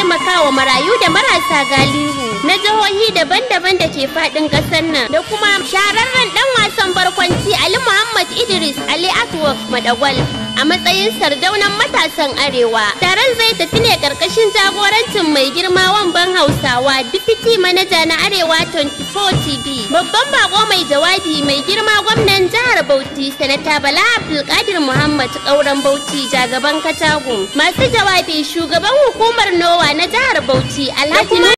taimakawa marayu da marasa galihu na jihohi daban-daban da ke fadin kasar nan da kuma shararren dan wasan barkwanci Ali Muhammad Idris Ali Atwaf Madagwal a matsayin sardaunan matasan arewa taron zai tafi ne karkashin jagorancin mai girma ban hausawa dipiti manaja na arewa 24 tv babban bako mai jawabi mai girma gwamnan jihar Bauchi Sanata Bala Abdulkadir Muhammad ƙauren Bauchi jagaban Katagun. Masu jawabi shugaban hukumar Nowa na jihar Bauchi Alhaji